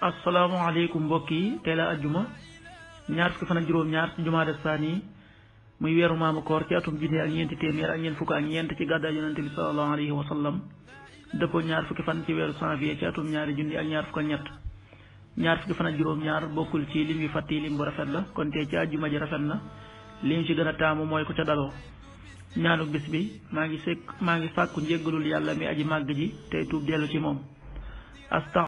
asalaamaaleykum mbokk yi tey la ajjuma ñaar fukki fan ak juróom-ñaar ci jumaada saani muy weeru maamu koor ci atum junni ak ñeenti téeméer ak ñeent fukk ak ñeent ci gàddaay yonente bi sallallahu alayhi wa ñaar fukki fan ci weeru janvier ci atum ñaari junni ak ñaar fukk ak ñett ñaar fukki fan ak juróom-ñaar bokkul ci lim yu fàtti lim bu rafet la kon tey ci ajjuma ji rafet na lim ci gën a taamu mooy ko ca daloo ñaanu bis bi maa ngi sekk maa ngi fàkku njéggalul yàlla mi aji màgg ji tey tuub dellu ci moom